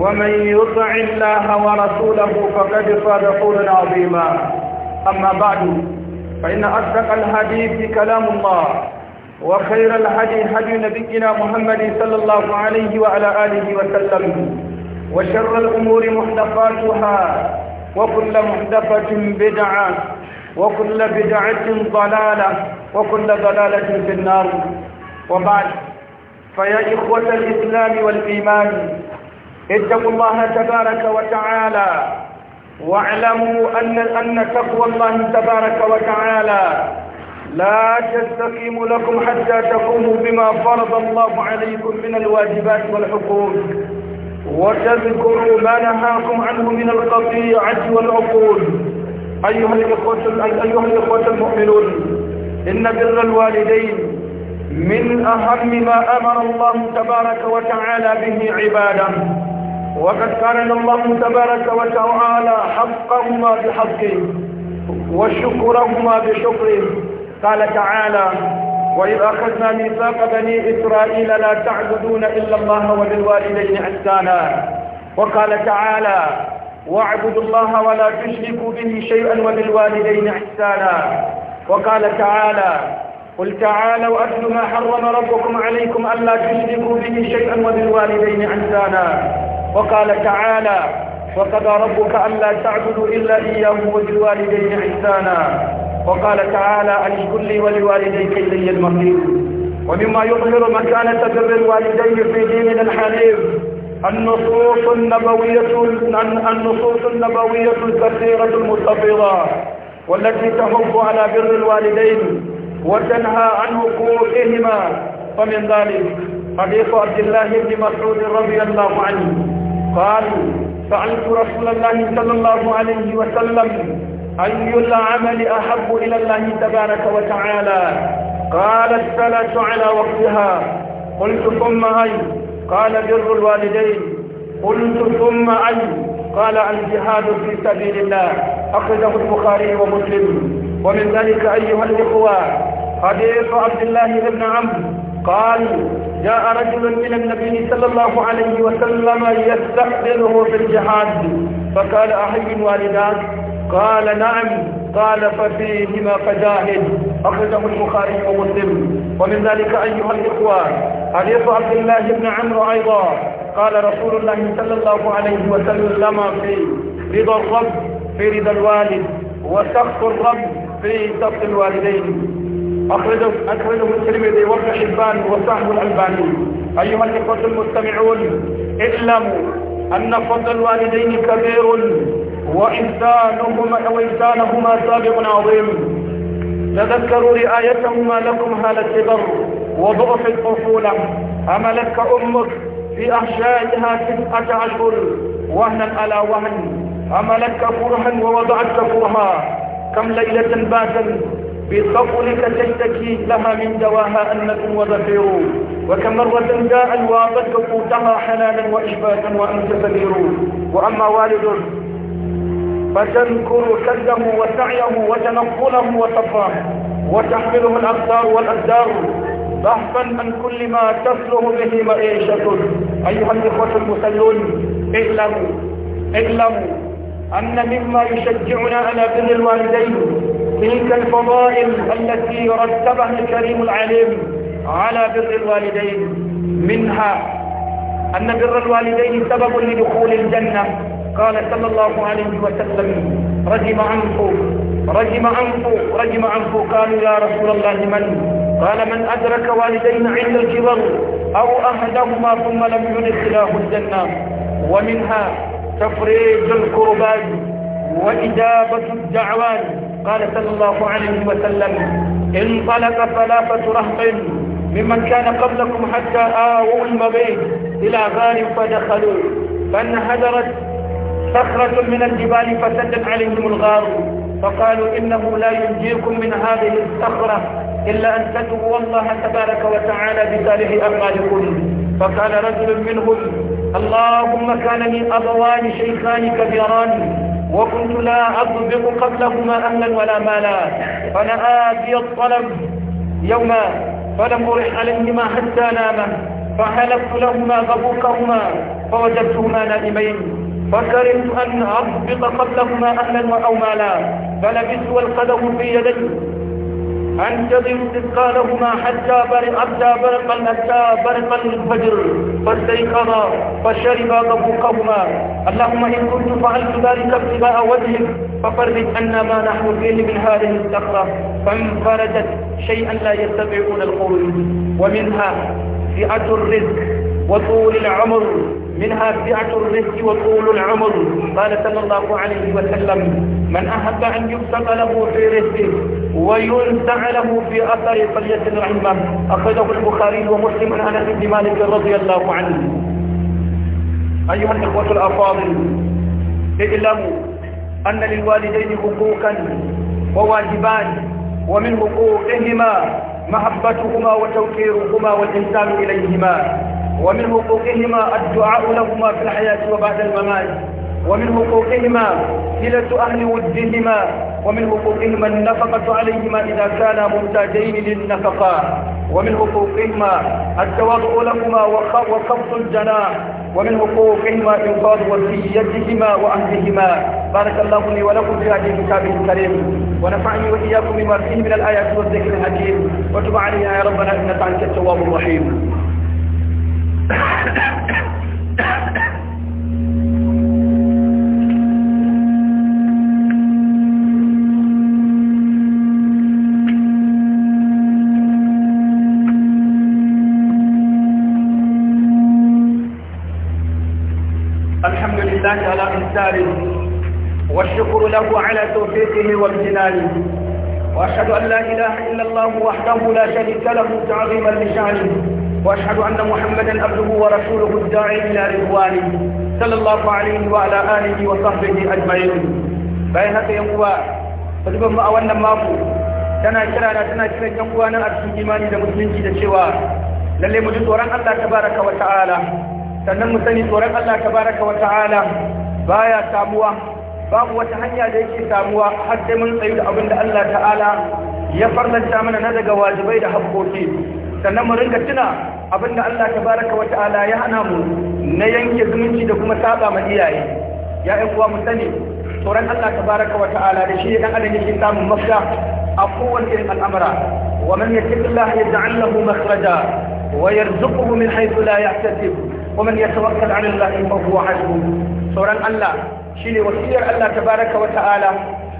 ومن يطع الله ورسوله فقد فاز قولا عظيما أما بعد فإن أصدق الحديث كلام الله وخير الهدي هدي نبينا محمد صلى الله عليه وعلى آله وسلم وشر الأمور محدثاتها وكل محدثة بدعة وكل بدعة ضلالة وكل ضلالة في النار وبعد فيا إخوة الإسلام والإيمان اتقوا الله تبارك وتعالى واعلموا أن, أن تقوى الله تبارك وتعالى لا تستقيم لكم حتى تقوموا بما فرض الله عليكم من الواجبات والحقوق وتذكروا ما نهاكم عنه من القطيعة والعقول أيها الإخوة, أيها الإخوة المؤمنون إن بر الوالدين من أهم ما أمر الله تبارك وتعالى به عباده وقد قرن الله تبارك وتعالى حقهما بحقه وشكرهما بشكره قال تعالى وإذ أخذنا ميثاق بني إسرائيل لا تعبدون إلا الله وبالوالدين إحسانا وقال تعالى واعبدوا الله ولا تشركوا به شيئا وبالوالدين إحسانا وقال تعالى قل تعالوا أتل ما حرم ربكم عليكم ألا تشركوا به شيئا وبالوالدين إحسانا وقال تعالى وقضى ربك ألا تعبدوا إلا إياه وبالوالدين إحسانا وقال تعالى أن كل ولوالديك إلي المصير ومما يظهر مكانة بر الوالدين في ديننا الحنيف النصوص النبوية النصوص النبوية الكثيرة المستفيضة والتي تهب على بر الوالدين وتنهى عن حقوقهما فمن ذلك حديث عبد الله بن مسعود رضي الله عنه قال سألت رسول الله صلى الله عليه وسلم أي العمل أحب إلى الله تبارك وتعالى قال الصلاة على وقتها قلت ثم أي قال بر الوالدين قلت ثم أي قال الجهاد في سبيل الله أخرجه البخاري ومسلم ومن ذلك أيها الإخوة حديث عبد الله بن عمرو قال جاء رجل من النبي صلى الله عليه وسلم يستحضره في الجهاد فقال أحي والداك قال نعم قال ففيهما فجاهد أخرجه البخاري ومسلم ومن ذلك أيها الإخوان حديث عبد الله بن عمرو أيضا قال رسول الله صلى الله عليه وسلم في رضا الرب في رضا الوالد وسخط الرب في سخط الوالدين أخرجه, أخرجه الترمذي وابن حبان وصاحب الألباني أيها الإخوة المستمعون اعلموا أن فضل الوالدين كبير وإنسانهما, وإنسانهما سابق عظيم تذكروا رعايتهما لكم هذا الكبر وضعف الطفولة أملك أمك في أحشائها ستة أشهر وهنا على وهن أملك كرها ووضعتك فرها كم ليلة باتا بقولك تشتكي لها من دواها أنكم وذخيرون وكم مرة جاء الواطن قوتها حنانا وإشباكا وأنت كبير وأما والد فتنكر سده وسعيه وتنقله وصفاه وتحمله الأقدار والأقدار بحثا عن كل ما تصلح به معيشة أيها الإخوة المسلون اعلموا اعلموا أن مما يشجعنا على بر الوالدين تلك الفضائل التي رتبها الكريم العليم على بر الوالدين منها أن بر الوالدين سبب لدخول الجنة قال صلى الله عليه وسلم رجم عنف رجم عنف رجم عنف قالوا يا رسول الله من قال من أدرك والدين عند الكبر أو أحدهما ثم لم يدخلاه الجنة ومنها تفريج الكربات وإجابة الدعوات قال صلى الله عليه وسلم انطلق ثلاثة رهط ممن كان قبلكم حتى آووا المبيت إلى غار فدخلوا فانهدرت صخرة من الجبال فسدت عليهم الغار فقالوا إنه لا ينجيكم من هذه الصخرة إلا أن تدعوا الله تبارك وتعالى بصالح أعمالكم فقال رجل منهم اللهم كان لي أبوان شيخان كبيران وكنت لا أسبق قبلهما أهلا ولا مالا آتي الطلب يوما فلم أرح عليهما حتى ناما فحلفت لهما غبوكهما فوجدتهما نائمين فكرهت أن أضبط قبلهما أهلا أو مالا فلبست والقدم في يدي أنتظر استثقالهما حتى برق حتى برق حتى برق الفجر فاستيقظ فشرب طبقهما اللهم إن كنت فعلت ذلك ابتغاء وجهك ففرج عنا ما نحن فيه من هذه الصخرة فإن شيئا لا يستطيعون القول ومنها فئة الرزق وطول العمر منها سعة الرزق وطول العمر قال صلى الله عليه وسلم من أحب أن يبسط له في رزقه وينسع له في أثر فليسل رحمه أخذه البخاري ومسلم عن أنس بن مالك رضي الله عنه أيها الإخوة الأفاضل اعلموا أن للوالدين حقوقا وواجبان ومن حقوقهما محبتهما وتوفيرهما والإنسان إليهما ومن حقوقهما الدعاء لهما في الحياة وبعد الممات ومن حقوقهما صلة أهل ودهما ومن حقوقهما النفقة عليهما إذا كانا محتاجين للنفقة ومن حقوقهما التواضع لهما وخفض الجناح ومن حقوقهما إنقاذ وصيتهما وأهلهما بارك الله لي ولكم في هذه الكتاب الكريم ونفعني وإياكم بما فيه من الآيات والذكر الحكيم وتب علينا يا ربنا إنك أنت التواب الرحيم الحمد لله على إنسانه والشكر له على توفيقه وامتنانه وأشهد أن لا إله إلا الله وحده لا شريك له تعظيما لشانه وأشهد أن محمدا عبده ورسوله الداعي إلى رضوانه صلى الله عليه وعلى آله وصحبه أجمعين bayan haka yan uwa fadiban mu a wannan mako tana kira na tana kiran yan uwa nan a cikin imani da musulunci da cewa lalle mu ji tsoron Allah tabaraka wa ta'ala sannan mu sani tsoron Allah tabaraka wa ta'ala baya samuwa babu wata hanya da yake samuwa har sai mun tsayu da abin da Allah ta'ala ya farlanta mana na daga wajibai da haƙƙoƙi sannan mu rinka tuna abinda Allah tabaraka wa ta'ala ya hana mu na yanke zumunci da kuma saba ma iyaye ya ɗan kuwa mu sani tsoron Allah tabaraka wa ta'ala da shi dan adam yake samun mafita a kowace irin al'amara wa man yattaqillaha yaj'al lahu makhraja wa yarzuquhu min haythu la yahtasib wa man yatawakkal 'ala Allah fa huwa hasbuh tsoron Allah shine wasiyar Allah tabaraka wa ta'ala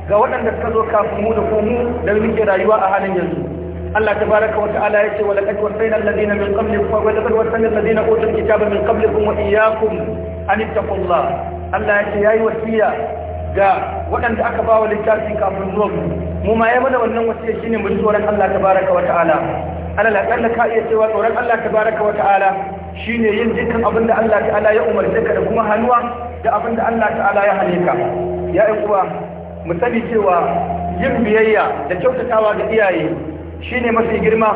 ga waɗanda suka zo kafin mu da kuma da muke rayuwa a halin yanzu Allah tabaraka wa ta'ala yace wa laqad wasayna alladhina min qablikum wa laqad wasayna alladhina utul kitaba min qablikum wa iyyakum an ittaqullah Allah yace yayi wasiya ga waɗanda aka bawa littafi kafin zuwa. mu ma yayi mana wannan wasiya shine mu tsoron Allah tabaraka wa ta'ala ala laqalla ka iya cewa tsoron Allah tabaraka wa ta'ala shine yin dukkan abin da Allah ta'ala ya umarce ka da kuma hannuwa da abin da Allah ta'ala ya hane ka ya uwa mu sani cewa yin biyayya da kyautatawa ga iyaye shi ne mafi girma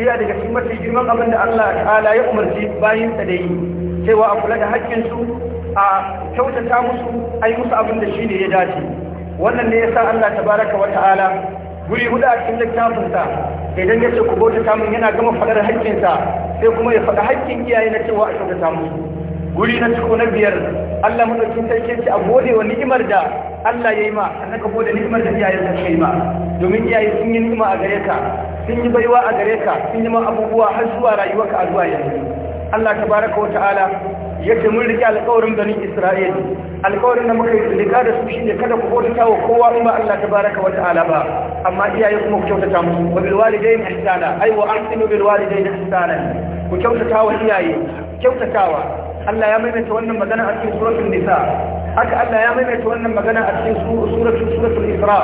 iya daga cikin mafi girman abin da Allah ta'ala ya umarci bayin sa da yi cewa a kula da haƙƙinsu a kyautata musu a yi musu abin da shi ne ya dace wannan ne ya sa Allah tabaraka wa ta'ala guri hudu a cikin littafinsa idan ya ce ku bauta ta min yana gama faɗar haƙƙinsa sai kuma ya faɗa haƙƙin iyaye na cewa a kyautata musu guri na ciko na biyar Allah madaukin sarki ce a gode wa ni'imar da Allah ya yi ma sannan ka gode ni'imar da iyayen ka kai ma domin iyaye sun yi ni'ima a gare ka sun yi baiwa a gare ka sun yi ma abubuwa har zuwa rayuwarka a zuwa yanzu Allah tabaraka wa ta'ala yake mun rike alƙawarin ganin Isra'il alƙawarin da muka yi rika da su shine kada ku bauta wa kowa in ba Allah tabaraka wa ta'ala ba amma iyaye kuma ku kyautata musu wa bil walidayni ihsana ay wa ahsinu bil walidayni ihsana ku kyautata wa iyaye kyautatawa Allah ya maimaita wannan magana a cikin suratul nisa haka Allah ya maimaita wannan magana a cikin suratul suratul isra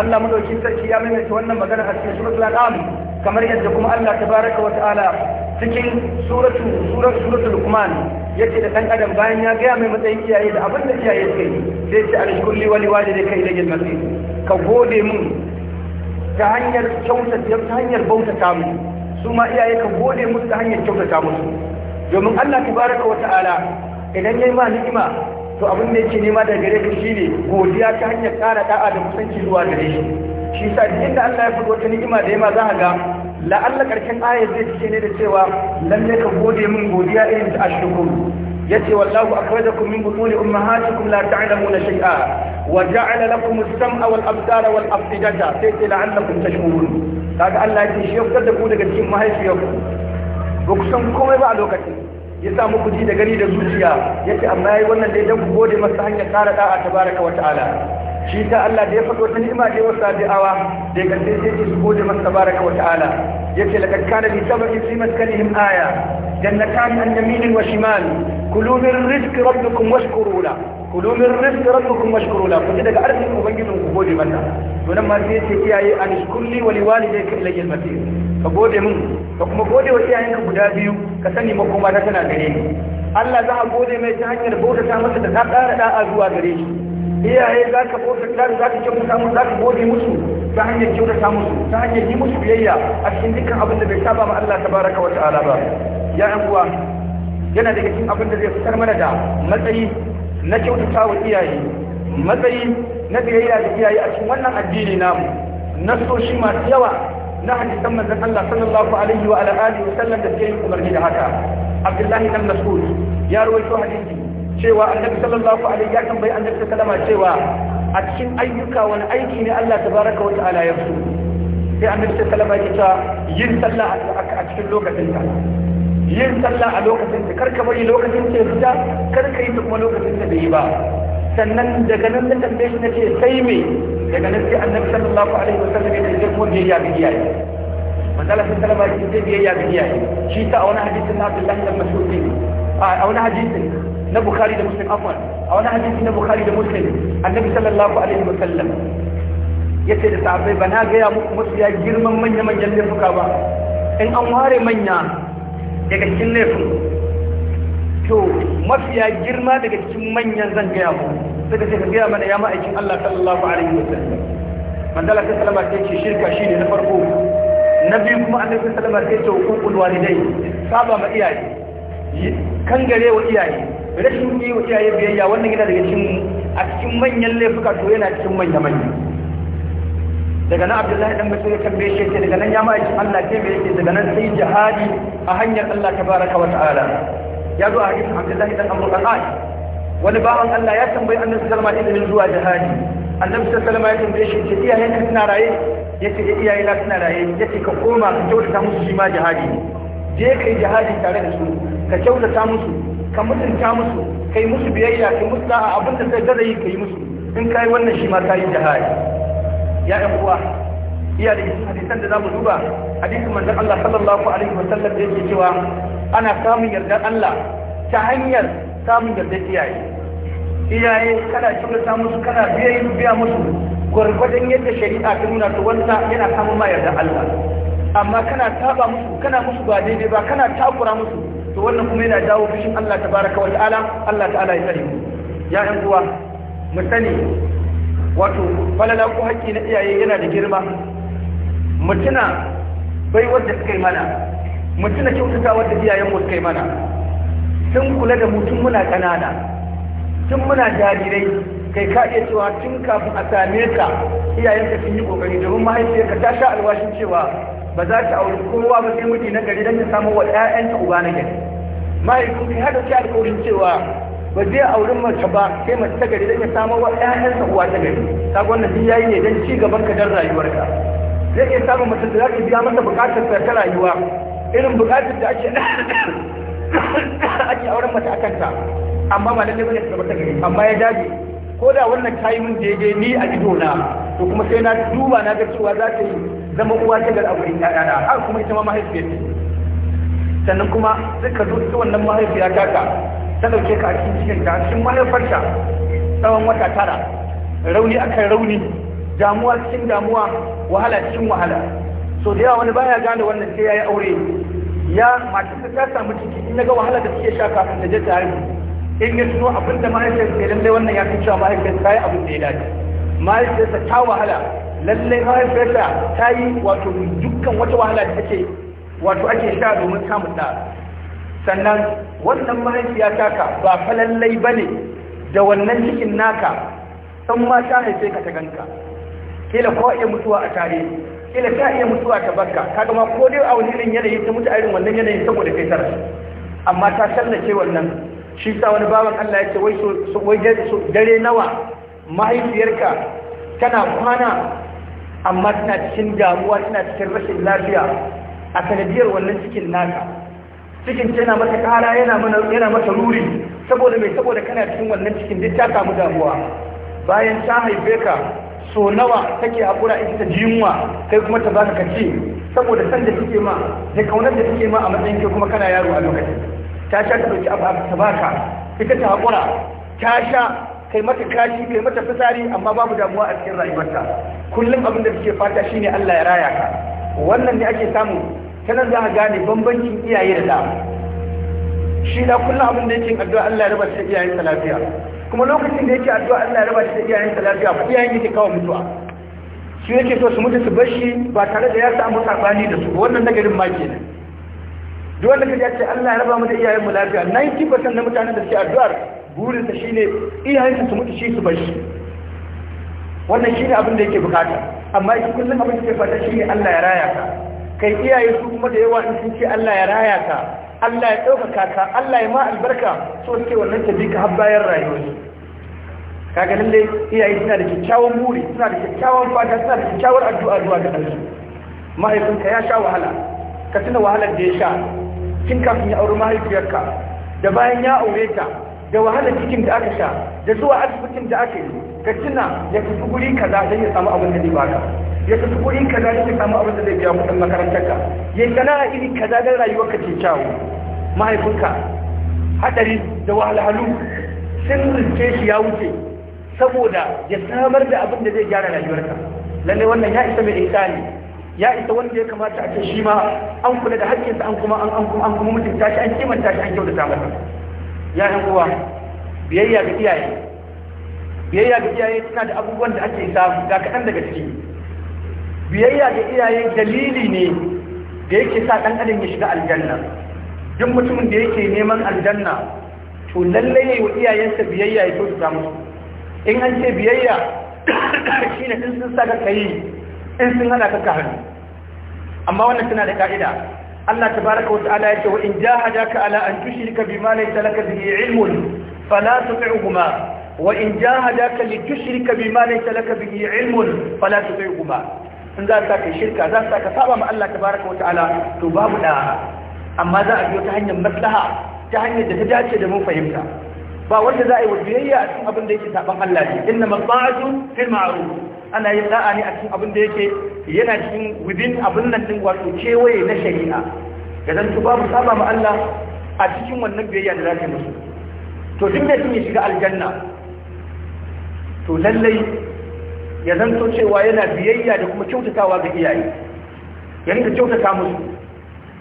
Allah madaukin sarki ya maimaita wannan magana a cikin suratul al'am kamar yadda kuma Allah tabaraka wa ta'ala cikin suratul suratul suratul luqman yace da dan adam bayan ya ga mai matsayin iyaye da abin da iyaye suke sai ce alkulli wali kai da al-masir ka gode mun ta hanyar kyautata ta hanyar bautata mu su ma iyaye ka gode musu ta hanyar kyautata musu domin Allah tabaraka wa ta'ala idan yayi ma ni'ima to abin da yake nema daga gare ka shine godiya ta hanyar ƙara da'a da kusanci zuwa gare shi shi yasa duk inda Allah ya fito wata ni'ima da yema za ga la'alla karshen ayar zai cike ne da cewa lalle ka gode min godiya irin ta ashkuru yace wallahu akhrajakum min butuni ummahatikum la ta'lamuna shay'a wa ja'ala lakum as-sam'a wal absara wal afidata sai ta la'allakum tashkurun kaga Allah ya ce shi da ku daga cikin mahaifiyarku ba ku san komai ba a lokacin ya sa muku ji da gani da zuciya ce amma ya yi wannan dai dan ku gode masa hanyar kara da'a tabaraka wata ala shi ta Allah da ya faɗo ta ni'ima da ya addu'awa da ya kace sai su gode masa tabaraka wa ta'ala yace laqad kana li sabarin fi maskanihim aya jannatan an yaminin wa shimal kulu min rizqi rabbikum washkuru lahu kulu min rabbukum rabbikum la ku daga arzikin ubangijin ku gode mata to nan ma sai ce iyaye an shkurli wa liwalidayka ilayya al ka gode mun? ka kuma gode wa iyayenka guda biyu ka sani makoma na tana gare ni Allah za a gode mai ta hanyar ta masa da ta ƙara da'a zuwa gare shi iyaye za ka bautata da za ka kyautata samu? za ka gode musu ta hanyar da samu ta hanyar yi musu biyayya a cikin dukkan abin da bai saba ma Allah tabaraka wa ta'ala ba ya yan uwa yana daga cikin abin da zai fitar mana da matsayi na kyautata wa iyaye matsayi na biyayya da iyaye a cikin wannan addini namu nasoshi masu yawa na hadisan manzon Allah sallallahu alaihi wa ala alihi wasallam da ke umarni da haka Abdullahi ibn Mas'ud ya rawaito hadisi cewa Annabi sallallahu alaihi ya tambayi Annabi sallallahu cewa a cikin ayyuka wani aiki ne Allah tabaraka wa ta'ala ya so sai Annabi sallallahu ya ce yin sallah a cikin lokacin ta yin sallah a lokacin da karka bari lokacin ce fita karka yi ta kuma lokacin da bai yi ba sannan daga nan da tambaye shi nace sai me daga nan sai annabi sallallahu alaihi wasallam ya ce ko biyayya ya iyaye manzala sai sallama shi sai biyayya ga iyaye shi ta a wani hadisin na Abdullah ibn Mas'ud a wani hadisin na Bukhari da Muslim afwan a wani hadisin na Bukhari da Muslim annabi sallallahu alaihi wasallam ce da sahabbai bana ga ya muku musu ya girman manya manyan laifuka ba in an ware manya daga cikin laifin to mafiya girma daga cikin manyan zan gaya mu daga cikin gaya mana ya ma'aikin Allah sallallahu alaihi wa sallam mandala ta salama ta ce shirka shine na farko na biyu kuma annabi ta salama ta ce hukukul walidai saba ma iyaye kangare wa iyaye rashin yi wa iyaye biyayya wannan yana daga cikin a cikin manyan laifuka to yana cikin manya manya daga nan abdullahi dan masu ya tambaye shi yake daga nan ya ma aiki Allah ke mai yake daga nan sai jihadi a hanyar Allah tabaraka wa ta'ala ya zo a hadisin abdullahi dan amru al wani bawan Allah ya tambayi annabi sallallahu alaihi wasallam zuwa jihadi annabi sallallahu alaihi ya tambaye shi ce na suna raye yace da eh, iyaye na suna raye Ya ce ka koma ka kyautata musu shi ma jihadi je ka yi jihadi tare da su ka kyautata musu ka mutunta musu ka yi musu biyayya ka yi musu da'a abinda sai gada yi ka yi musu in ka yi wannan shi ma kai jihadi ya ɗan uwa iya da hadisan da zamu duba hadisin manzon Allah sallallahu alaihi wasallam da yake cewa ana samun yardar Allah ta hanyar samun yardar iyaye iyaye kana kyautata su kana biya biya musu gwargwadon yadda shari'a ta nuna to wanda yana samun ma yarda Allah amma kana taba musu kana musu ba daidai ba kana takura musu to wannan kuma yana jawo fushin Allah tabaraka wa ta'ala Allah ta'ala ya tsare mu ya ɗan uwa mu sani wato falala ko haƙƙi na iyaye yana da girma mutuna bai wadda suka yi mana mutuna kyautata wadda iyayen mu suka yi mana Tun kula da mutum muna ƙanana tun muna jarirai kai ka iya cewa tun kafin a same ka iyayen ka sun yi kokari domin mahaifiyarka ta sha alwashin cewa ba za ta auri kowa ba sai miji na gari don ta samu wa 'ya'yanta uba na gari mahaifin kai hada ta alƙawarin cewa ba zai auren mace ba sai mace ta gari don ya samu wa ƴaƴansa uwa ta gari Ta gwanna duk yayi ne don ci gaban ka dan rayuwarka zai iya samun mace da za ta biya mata bukatar ta ta rayuwa irin bukatar da ake ake auren mace akan ta amma ba lalle bane ta ta gari amma ya dage ko da wannan ta yi min ni a ido na to kuma sai na duba na ga cewa za ta yi zama uwa ta gari a gurin ƴaƴana har kuma ita ma mahaifiyar sannan kuma suka zo ita wannan ta ka. ta dauke ka a cikin cikin ta cikin mahaifarta tsawon wata tara rauni akan rauni damuwa cikin damuwa wahala cikin wahala so da yawa wani baya gane wannan sai ya yi aure ya matar ta samu ciki in ga wahala da suke sha kafin ta je ta haihu in ya tuno abin da mahaifiyarsa sai lallai wannan ya fi cewa mahaifiyarsa ta yi abin da ya dace mahaifiyarsa ta wahala lallai mahaifiyarsa ta yi wato dukkan wata wahala da ake wato ake sha domin samun da sannan wannan mahaifiya ka ba falallai ba ne da wannan cikin naka ɗan ma ta haife ka ta ganka kila ko iya mutuwa a tare kila ta iya mutuwa ta barka kaga ma ko dai a wani irin yanayi ta mutu a irin wannan yanayi saboda kai tara amma ta tallace wannan shi sa wani bawan Allah ya ce wai wai dare nawa mahaifiyarka tana kwana amma tana cikin damuwa tana cikin rashin lafiya a sanadiyar wannan cikin naka cikin na mata kara yana mana yana mata ruri saboda mai saboda kana cikin wannan cikin duk ta kamu damuwa bayan ta haife ka so nawa take hakura ita ta jimuwa kai kuma ta baka kace saboda san da take ma da kaunar da take ma a matsayin ke kuma kana yaro a lokacin ta sha ta dauki abu ta baka ita ta hakura ta sha kai mata kashi kai mata fitsari amma babu damuwa a cikin rayuwarta kullum abin da take fata shine Allah ya raya ka wannan ne ake samu ta nan za a gane bambancin iyaye da da shi da kullum abin da yake addu'a Allah ya raba shi da iyayen sa lafiya kuma lokacin da yake addu'a Allah ya raba shi da iyayen sa lafiya ba iyayen yake kawo mutuwa shi yake so su mutu su bar shi ba tare da ya samu sabani da su wannan nagarin ma kenan duk wanda kaje ya ce Allah ya raba mu da iyayen mu lafiya 90% na mutanen da suke addu'ar burinsa shine iyayen su mutu shi su bar shi wannan shine abin da yake bukata amma kullum abin da yake fata shine Allah ya raya ka kai iyaye su kuma da yawa in sun ce Allah ya raya ka Allah ya ɗaukaka ka Allah ya ma albarka so suke wannan ta bi ka har bayan rayuwarsu kaga nan dai iyaye suna da kyakkyawan buri suna da kyakkyawan fata suna da kyakkyawar addu'a zuwa ga ɗansu mahaifinka ya sha wahala ka tuna wahalar da ya sha tun kafin ya auri mahaifiyarka da bayan ya aure ta da wahalar cikin da aka sha da zuwa asibitin da aka yi ka tuna ya tafi guri kaza don ya samu abin da zai baka ya tafi kuɗi kaza ya samu abin da zai biya kuɗin makarantarka ya sana'a iri kaza rayuwar ka ce kyawu mahaifinka hadari da wahalhalu sun rince shi ya wuce saboda ya samar da abin da zai gyara rayuwarka lallai wannan ya isa mai ne, ya isa wanda ya kamata a ce shi ma an kula da haƙƙinsa an kuma an an kuma an kuma mutunta shi an kimanta shi an da samar ya yan uwa biyayya ga iyaye biyayya ga iyaye tana da abubuwan da ake samu ga kaɗan daga ciki biyayya da iyaye dalili ne da yake sa ɗan adam ya shiga aljanna duk mutumin da yake neman aljanna to lallai ne wa iyayensa biyayya ya kyautata musu in an ce biyayya shi ne in sun sa ka yi in sun hana ka ka hannu amma wannan suna da ka'ida Allah tabaraka wa ta'ala ya ce wa in jahadaka ala an tushrika bima laysa laka bihi ilmun fala tuti'huma وإن جاهداك لتشرك بما ليس لك به علم فلا تطيعهما in za su sa shirka za su sa ka saba ma Allah tabaraka wa ta'ala to babu da amma za a biyo ta hanyar maslaha ta hanyar da ta dace da mun fahimta ba wanda za a yi wa biyayya a cikin abin da yake saban Allah ne inna mata'atu fil ma'ruf ana yin da'a ne a cikin abin da yake yana cikin within abin nan din wato kewaye na shari'a ga zan babu saba ma Allah a cikin wannan biyayya da za ta yi musu to duk da sun shiga aljanna to lallai ya zanto cewa yana biyayya da kuma kyautatawa ga iyaye ya rinka kyautata musu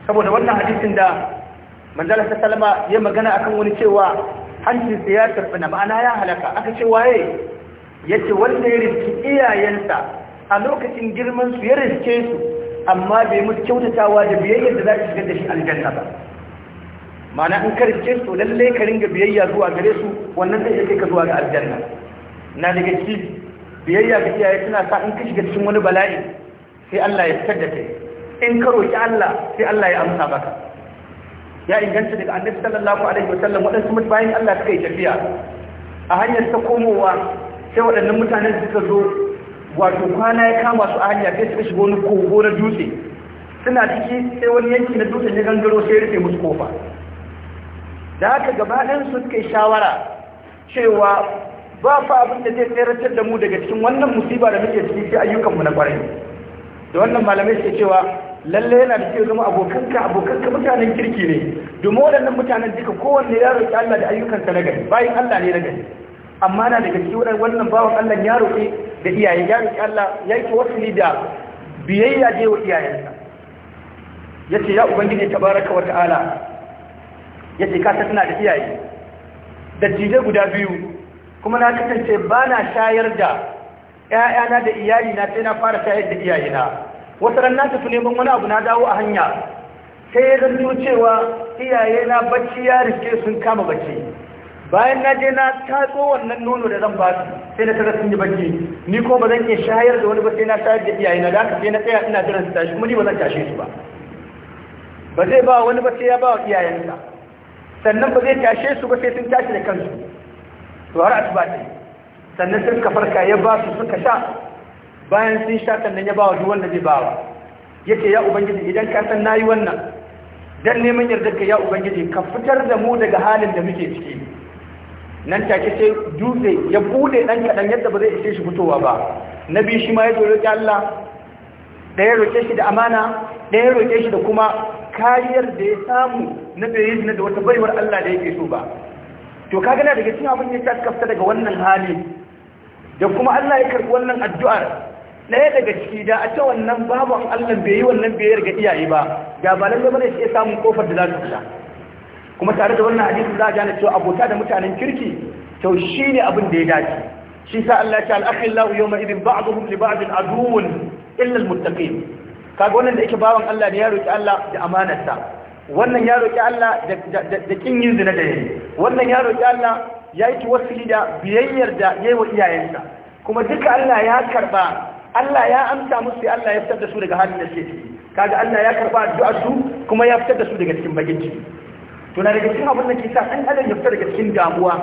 saboda wannan hadisin da manzala ta salama ya magana akan wani cewa hancin sa ya na ma'ana ya halaka aka ce waye yace wanda ya riski iyayensa a lokacin girman su ya riske su amma bai mutu kyautatawa da biyayya da za ki shiga da shi aljanna ba ma'ana in ka riske su lalle ka ringa biyayya zuwa gare su wannan zai kai ka zuwa ga aljanna na daga ciki biyayya ga iyaye suna sa in ka shiga cikin wani bala'i sai Allah ya fitar da kai in ka roki Allah sai Allah ya amsa maka ya inganta daga annabi sallallahu alaihi sallam waɗansu bayan Allah suka yi tafiya a hanyar ta komowa sai waɗannan mutanen suka zo wato kwana ya kama su a hanya sai suka shiga wani kogo na dutse suna ciki sai wani yanki na dutsen ya gangaro sai ya rufe musu kofa da haka gabaɗin su suka yi shawara cewa ba fa abin da zai tseratar da mu daga cikin wannan musiba da muke ciki sai ayyukanmu na kwarai da wannan malamai suke cewa lalle yana da kyau zama abokanka abokanka mutanen kirki ne domin waɗannan mutanen duka kowanne ya roƙi Allah da ayyukansa na gari bayan Allah ne na gari amma na daga cikin wannan bawan Allah ya roƙi da iyaye ya roƙi Allah ya yi ni da biyayya je wa iyayensa yace ya ubangiji tabaraka wa ta'ala yace ka ta tana da iyaye da jide guda biyu kuma na kasance ba na shayar da ‘ya'yana da iyalina sai na fara shayar da iyayena Wasu ran na tafi neman wani abu na dawo a hanya sai ya zanto cewa iyayena bacci ya rike sun kama bacci bayan na je na tatso wannan nono da zan basu sai na tara sun yi bacci ni ko ba zan iya shayar da wani ba sai na shayar da iyayena da aka sai na tsaya ina jiran su tashi kuma ni ba zan tashe su ba ba zai ba wani ba sai ya ba wa iyayensa sannan ba zai tashe su ba sai sun tashi da kansu to har asuba sannan sun ka ya ba su suka sha bayan sun sha sannan ya ba wa duwanda zai bawa yake ya ubangiji idan ka san yi wannan don neman yardarka ya ubangiji ka fitar da mu daga halin da muke ciki nan take sai dutse ya bude dan kaɗan yadda ba zai ishe shi fitowa ba biyu shi ma ya roki Allah da ya roke shi da amana da ya roke shi da kuma kariyar da ya samu na bayyana da wata baiwar Allah da yake so ba to kaga na daga cikin abin ya suka kafta daga wannan hali da kuma Allah ya karbi wannan addu'ar ɗaya daga ciki da a ta wannan baban Allah bai yi wannan biyar ga iyaye ba da ba lalle bane ya samun kofar da za su fita kuma tare da wannan hadisi za a gane cewa abota da mutanen kirki to ne abin da ya dace shi sa Allah ya ce al-akhillahu yawma idin ba'dhum li ba'd adu'un illa al-muttaqin kaga wannan da yake bawan Allah ne ya roki Allah da amanarsa wannan ya roƙi Allah da kin yin zina da yayi wannan ya roƙi Allah ya yi tawassuli da biyayyar da yayi wa iyayensa kuma duka Allah ya karba Allah ya amsa musu Allah ya fitar da su daga halin da suke ciki kaga Allah ya karba addu'ar su kuma ya fitar da su daga cikin bakin ciki to na daga cikin abin da ke sa an adam ya fitar daga cikin damuwa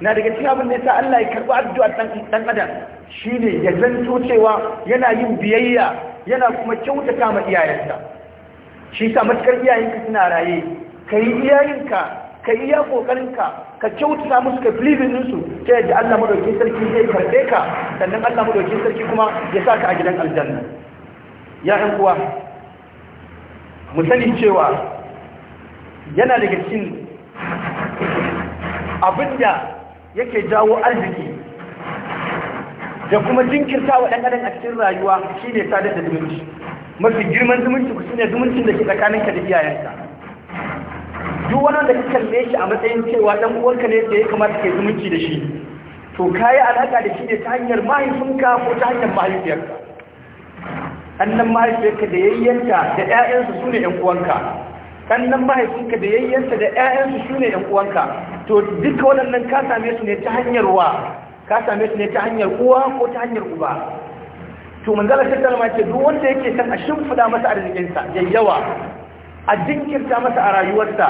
na daga cikin abin da ya sa Allah ya karba addu'ar dan adam shine ya zanto cewa yana yin biyayya yana kuma kyautata ma iyayensa shi sa matukar iyayenka suna raye ka yi iyayenka ka yi ya kokarinka ka kyautata musu ka filibin ninsu ta yadda Allah madaukin sarki zai karɓe ka sannan Allah madaukin sarki kuma ya sa ka a gidan aljanna ya ɗan kuwa mu sani cewa yana daga cikin abin da yake jawo arziki da kuma jinkirta wa ɗan adam a cikin rayuwa shi ne sadar da zumunci mafi girman zumunci ku shine zumuncin da ke tsakaninka da iyayenka duk wani da ka kalle shi a matsayin cewa dan uwanka ne da ya kamata kai zumunci da shi to kayi alaka da shi ne ta hanyar mahaifinka ko ta hanyar mahaifiyarka annan mahaifiyarka da yayyanta da ƴaƴansu su ne ƴan uwanka sannan mahaifinka da yayyanta da ƴaƴansu su ne ƴan uwanka to duka waɗannan ka same su ne ta hanyar wa ka same su ne ta hanyar uwa ko ta hanyar uba to manzala shi talama ce duk wanda yake san a shimfida masa arzikinsa yawa a jinkirta masa a rayuwarsa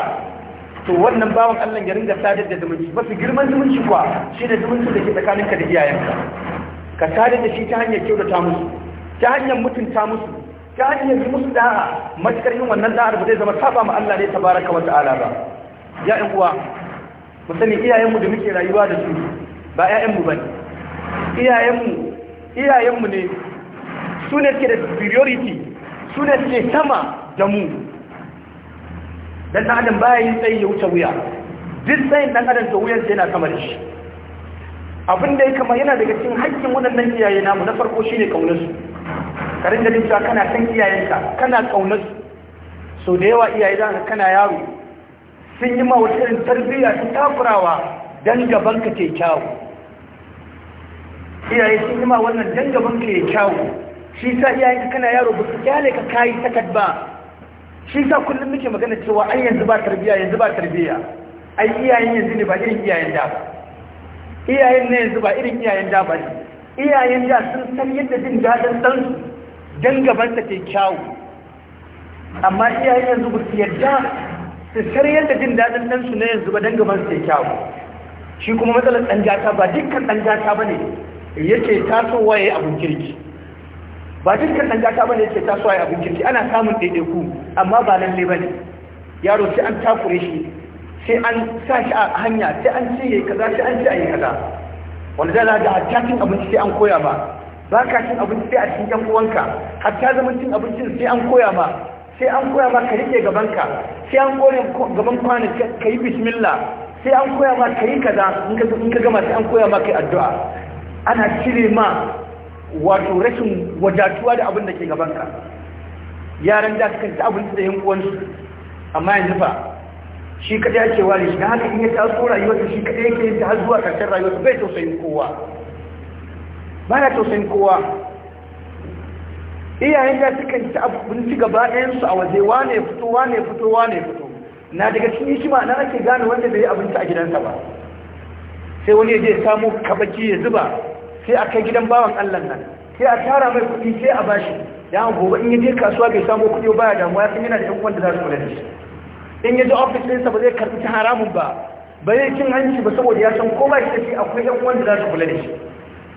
to wannan bawan Allah ya ringa sadar da zumunci mafi girman zumunci kuwa shi da zumunci da ke tsakaninka da iyayenka ka sadar da shi ta hanyar kyautata musu ta hanyar mutunta musu ta hanyar yi musu da'a matukar yin wannan da'ar ba zai zama saba ma Allah ne tabaraka wa ta'ala ba ya ƴan uwa mu sani iyayenmu da muke rayuwa da su ba ba ne. iyayenmu iyayenmu ne Sune suke da superiority su ne suke sama da mu dan ɗan adam baya yin tsayi ya wuce wuya duk tsayin dan adam da wuyan sai yana sama da shi abin da ya kama yana daga cikin haƙƙin waɗannan iyaye namu na farko shine kaunarsu ka rinda jin cewa kana san iyayenka kana kaunarsu sau da yawa iyaye za ka kana yaro sun yi ma wata irin tarbiyya ta takurawa dan gaban ka ke kyawu iyaye sun yi ma wannan dan gaban ka ke kyawu shi sa iyayenka kana yaro ba su kyale ka kayi takad ba shi sa kullum muke magana cewa ai yanzu ba tarbiyya yanzu ba tarbiyya ai iyayen yanzu ne ba irin iyayen da ba iyayen ne yanzu ba irin iyayen da ba ne iyayen da sun san yadda jin daɗin ɗansu don ta ke kyawu amma iyayen yanzu ba su yadda su san da jin daɗin ɗansu na yanzu ba don gabansa ke kyawu shi kuma matsalar dan gata ba dukkan dan gata ba ne yake tasowa ya yi kirki ba dukkan ɗan gata bane yake ta ya abin kirki ana samun daidaiku amma ba nan ne bane yaro sai an takure shi sai an sa shi a hanya sai an ce yayi kaza sai an ce ayi kaza wanda zai ga hatta cin abinci sai an koya ma ba ka cin abinci sai a cikin yan uwanka hatta zaman cin abincin sai an koya ma sai an koya ma ka rike gabanka sai an kore gaban kwanan ka yi bismillah sai an koya ma ka yi kaza in ka gama sai an koya ma ka yi addu'a ana cire ma wato rashin wadatuwa da abin da ke gabanka yaran da suka ta abin da yan amma yanzu ba shi kada yake wale shi haka in ya taso rayuwarsa shi kada yake yin ta har zuwa karshen rayuwarsa bai tausayin kowa ba na tausayin kowa iyayen da suka ta abin ci gaba ɗayansu a waje wane fito wane fito wane fito na daga cikin ma na ake gane wanda bai yi abinci a gidansa ba sai wani ya je samo kabaki ya zuba sai a kai gidan bawan Allah nan sai a tara mai kuɗi sai a bashi ya gobe in yaje kasuwa bai samu kuɗi ba ya damuwa san yana da ɗan da za su kula da shi in yaje office ɗinsa ba zai karɓi ta haramun ba ba zai cin hanci ba saboda ya san ko ba shi da akwai ɗan wanda za su kula da shi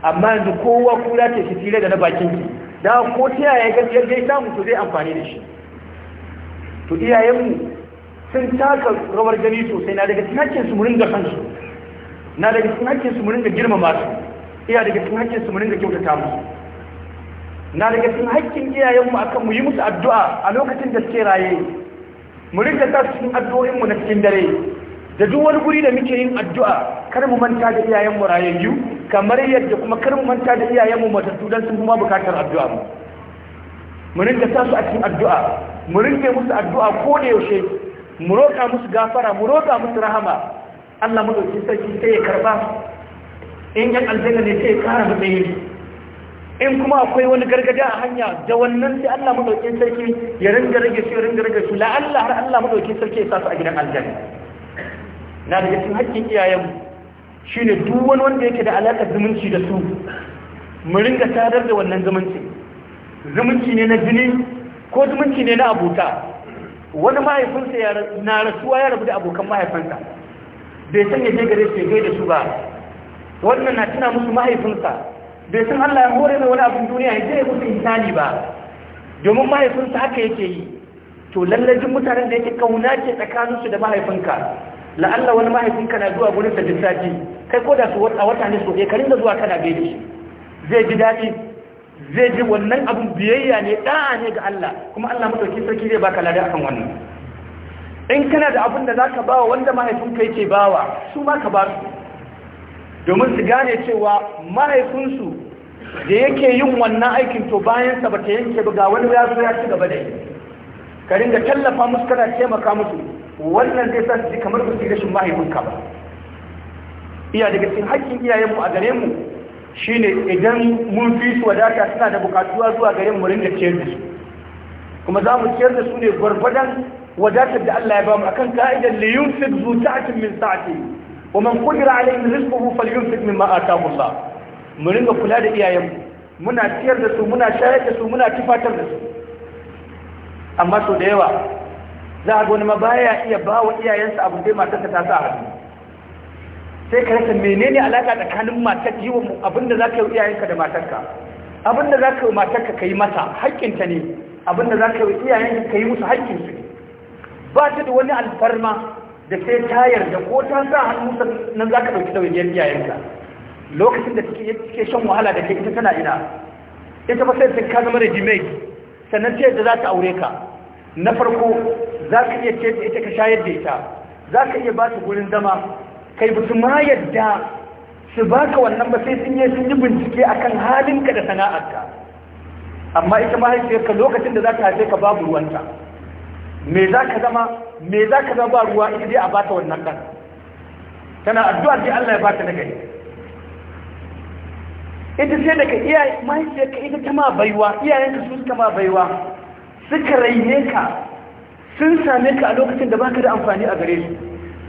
amma yanzu kowa kula ce shi tire da na bakin ki da ko ta yaya gaskiyar dai samu to zai amfani da shi to iyayenmu sun taka rawar gani sosai na daga cikin hakkin su mu ringa kansu na daga cikin su mu ringa girmama su iya daga cikin hakkin su mu dinga kyautata musu na daga cikin hakkin iyayenmu akan mu yi musu addu'a a lokacin da suke raye mu rinka sa cikin addu'o'in mu na cikin dare da duk wani guri da muke yin addu'a kar mu manta da iyayenmu rayayyu kamar yadda kuma kar mu manta da iyayenmu matattu dan sun kuma bukatar addu'a mu mu rinka sa su a cikin addu'a mu rinka musu addu'a ko da yaushe mu roƙa musu gafara mu roƙa musu rahama Allah dauki sarki sai ya karba in yi aljanna ne sai ya da matsayi in kuma akwai wani gargada a hanya da wannan sai Allah madauki sarki ya ringa rage shi ya ringa rage shi la Allah har Allah madauki sarki ya sa su a gidan aljanna na da cikin haƙƙin iyayen shine duk wani wanda yake da alaƙar zumunci da su mu ringa sadar da wannan zumunci zumunci ne na jini ko zumunci ne na abota wani mahaifinsa na rasuwa ya rabu da abokan mahaifinsa bai san ya je gare su ya gaida su ba wannan na tuna musu mahaifinsa bai san Allah ya hore mai wani abin duniya ya zai musu insani ba domin mahaifinsa haka yake yi to lallajin mutanen da yake kauna ce tsakaninsu da mahaifinka la'alla wani mahaifinka na zuwa gurin sa lissafi kai ko da su a wata ne so ekarin da zuwa kana gaji zai ji daɗi zai ji wannan abin biyayya ne ɗa'a ne ga Allah kuma Allah madauki sarki zai baka lada akan wannan in kana da abin da zaka bawa wanda mahaifinka yake bawa su ma ka ba su domin su gane cewa mahaifinsu da yake yin wannan aikin to bayansa ba ta yanke ba ga wani ya zo ya ci gaba da yi ka da tallafa musu kana taimaka musu wannan zai sa su ji kamar ba su rashin mahaifinka ba iya daga cikin haƙƙin iyayenmu a gare mu shine idan mun fi su wadata suna da bukatuwa zuwa gare mu ringa ciyar da su kuma za mu ciyar da su ne gwargwadon wadatar da Allah ya ba mu akan ka'idar li yunfiq zu min sa'ati Wa ومن قدر عليه رزقه فلينفق مما آتاه الله من Muna tiyar da su, muna shayar da su, muna دسو da su. Amma أما da yawa, za a wani ma baya iya ba wa iyayensa abu dai matarsa ta sa hannu sai ka rasa menene alaka tsakanin matar yi wa abin da za ka yi iyayenka da matarka abin da za ka yi matarka ka yi mata haƙƙinta ne abin da za ka yi iyayenka ka yi musu haƙƙinsu ne ba ta da wani alfarma da sai ta yarda ko ta sa hannu nan za ka ɗauki ɗauyar iyayenka lokacin da suke shan wahala da ke ita tana ina ita ba sai sun ka zama da jimai sannan ta da za ta aure ka na farko za ka iya ce ita ka shayar da ita za ka iya ba su gurin zama kai ba su ma yadda su ba ka wannan ba sai sun yi sun yi bincike akan halinka da sana'arka amma ita mahaifiyarka lokacin da za ta haife ka babu ruwanta me za ka zama me za ka zaba ruwa in dai a bata wannan ɗan tana addu'a dai Allah ya bata na gari ita sai daga iyayen, mahaifiyarka ita ta ma baiwa iyayenka su suka ma baiwa suka raine ka sun same ka a lokacin da baka da amfani a gare su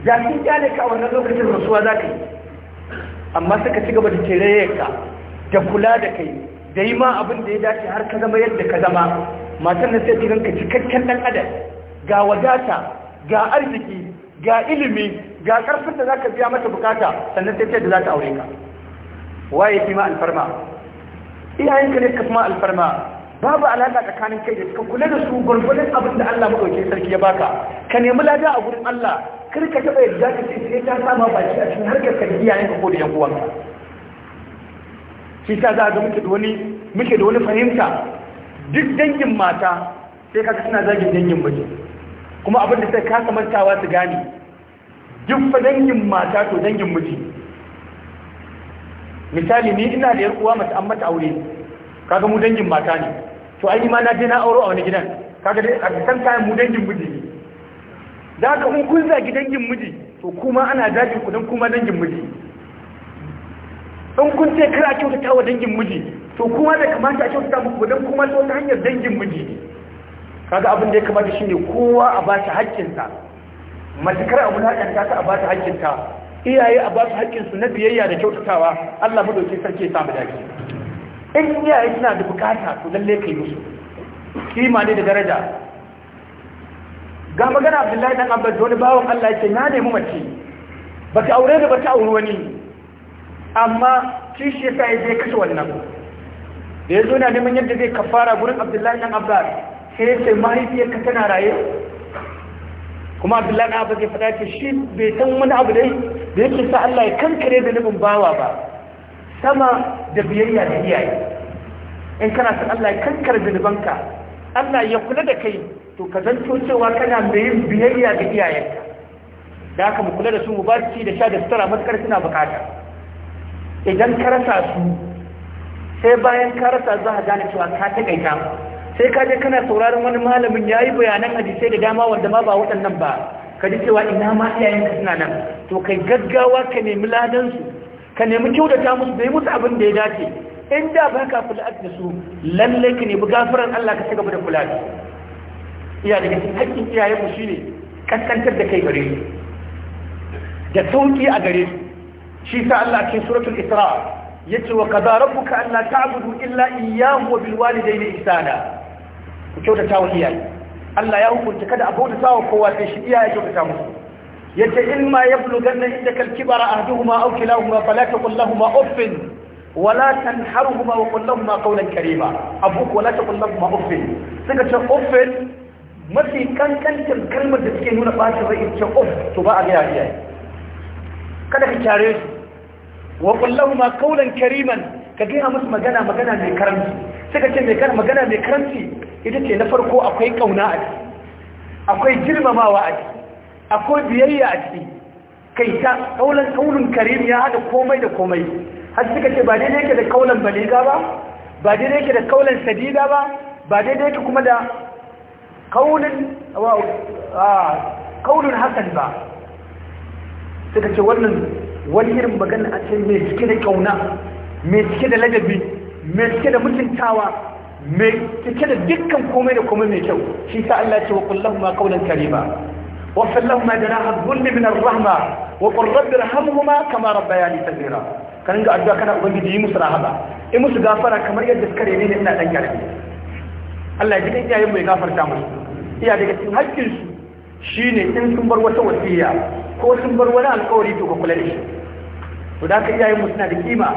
da sun kyale ka a wannan lokacin rasuwa za ka yi amma suka ci gaba da tarayyarka da kula da kai da yi ma abin da ya dace har ka zama yadda ka zama matan da sai ka cikakken ɗan adam ga wadata ga arziki ga ilimi ga karfin da ka biya mata bukata sannan sai da za ta aure ka waye fi ma alfarma Iyayenka ne ka ma alfarma babu alaka tsakanin kai da ka kula da su gurgurdan abin da Allah maɗauke sarki ya baka ka nemi lada a gurin Allah kar ka taba yadda ka ce sai ta sama baki a cikin harkar ka da iyayen ka ko da yan uwanka shi ta za ga muke da wani muke da wani fahimta duk dangin mata sai kaga suna zagin dangin miji kuma abin da sai kasa mantawa su gane duk fa dangin mata to dangin miji misali ni ina da yar uwa mace an mata aure kaga mu dangin mata ne to ai ma na je na aure a wani gidan kaga dai a san kayan mu dangin miji ne da ka mun kun zagi dangin miji to kuma ana zagin ku dan kuma dangin miji in kun ce kira a kyautata wa dangin miji to kuma da kamata a kyautata muku dan kuma ta wata hanyar dangin miji ne kaga abin da ya kamata shi ne kowa a ba shi haƙƙinsa matakar na haƙƙinta ta a ba shi haƙƙinta iyaye a ba su haƙƙinsu na biyayya da kyautatawa Allah madauki sarki ya samu dace in iyaye suna da bukata to lalle kai musu kima ne da daraja ga magana Abdullahi dan Abbas wani bawan Allah yake na nemi mace baka aure da bata aure wani amma shi sai ya kashe wannan da yazo na neman yadda zai kafara gurin Abdullahi dan Abbas sai ya ce mahaifiyarka tana raye kuma abdullahi na abu zai faɗa ce shi bai san wani abu dai da yake sa Allah ya kankare da nufin bawa ba sama da biyayya da iyaye in kana san Allah ya kankare da nufanka Allah ya kula da kai to ka zanto cewa kana mai yin biyayya da iyayenka da aka mu kula da su mu ba su da sha da sutura matukar suna bukata idan ka rasa su sai bayan ka rasa za a gane cewa ka taƙaita sai ka je kana sauraron wani malamin yayi bayanan hadisai da dama wanda ma ba waɗannan ba ka ji cewa ina ma iyayen ka suna nan to kai gaggawa ka nemi ladan su ka nemi kyautata musu da yi musu abin da ya dace in da ba ka kula da su lalle ka nemi gafaran Allah ka cigaba da kula da iya daga cikin hakkin iyayen mu shine kaskantar da kai gare su da sauki a gare su shi sa Allah cikin suratul Isra yace wa qadara rabbuka la ta'budu illa iyyahu wa bil walidayni ihsana ku kyautata wa iyaye Allah ya hukunta kada a bauta sawa kowa sai shi iyaye kyautata musu yace in ma yablughanna indaka al-kibara ahduhuma aw kilahuma fala taqul lahumu uffin wala tanharhuma wa qul lahumu qawlan karima abuk wala taqul lahumu uffin suka ce uffin mafi kankancin kalmar da suke nuna bacin rai ce uff to ba a ga iyaye kada ka kyare su wa qul lahumu qawlan kariman ka gina musu magana magana mai karanci suka ce mai magana mai karanci ita ce na farko akwai kauna a ciki akwai girmamawa a ciki akwai biyayya a ciki kai ta kaulan kaulun karim ya hada komai da komai har suka ce ba daidai yake da kaulan baliga ba ba daidai yake da kaulan sadida ba ba daidai yake kuma da kaulun kaulun hasan ba suka ce wannan wani irin magana a ce mai cike da kauna mai cike da ladabi mai cike da mutuntawa mai cike da dukkan komai da komai mai kyau shi ta Allah ce wa kullum ma kaulan karima wa sallahu ma janaha dhulli min ar-rahma wa qur rabbi irhamhuma kama rabbayani zira. kan ga addu'a kana ubangiji yi musu rahama in musu gafara kamar yadda suka rene ne ina dan karfi Allah ya ji iyayen mai gafarta musu iya daga cikin hakkin su shine in sun bar wata wasiya ko sun bar wani alƙawari to ga kula da shi to da haka iyayen mu suna da kima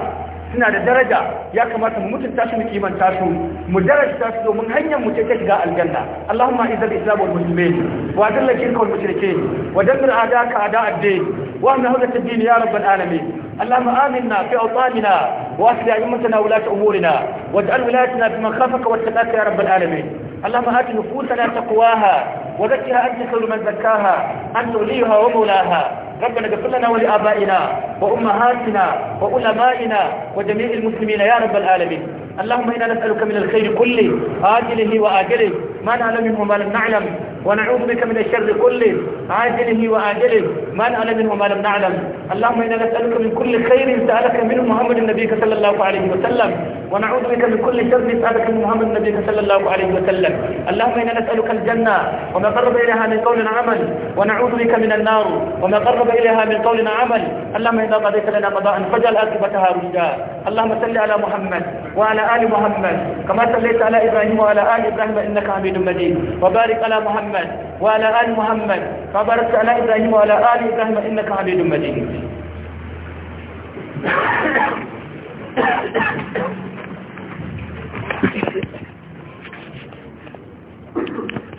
suna da daraja ya kamata mu mutunta su mu kimanta su mu darajta su domin hanyar mu ce ta shiga aljanna Allahumma izzil islam wal muslimin wa adilla shirka wal mushrikeen wa dammir ka a'da ad-din wa amna hawla ad-din ya rabbal alamin Allahumma aminna fi awtanina wa asli a'immatana wa lat umurina waj'al wilayatina fi man khafaka wattaqaka ya rabbal alamin Allahumma ati nufusana taqwaha wa zakkiha anta khayru man zakkaha anta waliyuha wa mawlaha ربنا اغفر لنا ولآبائنا وأمهاتنا وعلمائنا وجميع المسلمين يا رب العالمين اللهم إنا نسألك من الخير كله آجله وآجله ما نعلم منه ما لم نعلم ونعوذ بك من الشر كله عاجله وآجله ما نعلم منه ما لم نعلم اللهم إنا نسألك من كل خير سألك منه محمد النبي صلى الله عليه وسلم ونعوذ بك من كل شر سألك من محمد النبي صلى الله عليه وسلم اللهم إنا نسألك الجنة وما قرب إليها من قول عمل ونعوذ بك من النار وما قرب قرب إليها من قول عمل اللهم إذا قضيت لنا قضاء فجل أكبتها رشدا اللهم صل على محمد وعلى آل محمد كما صليت على إبراهيم وعلى آل إبراهيم إنك حميد مجيد وبارك على محمد وعلى آل محمد فبارك على إبراهيم وعلى آل إبراهيم إنك حميد مجيد Thank you.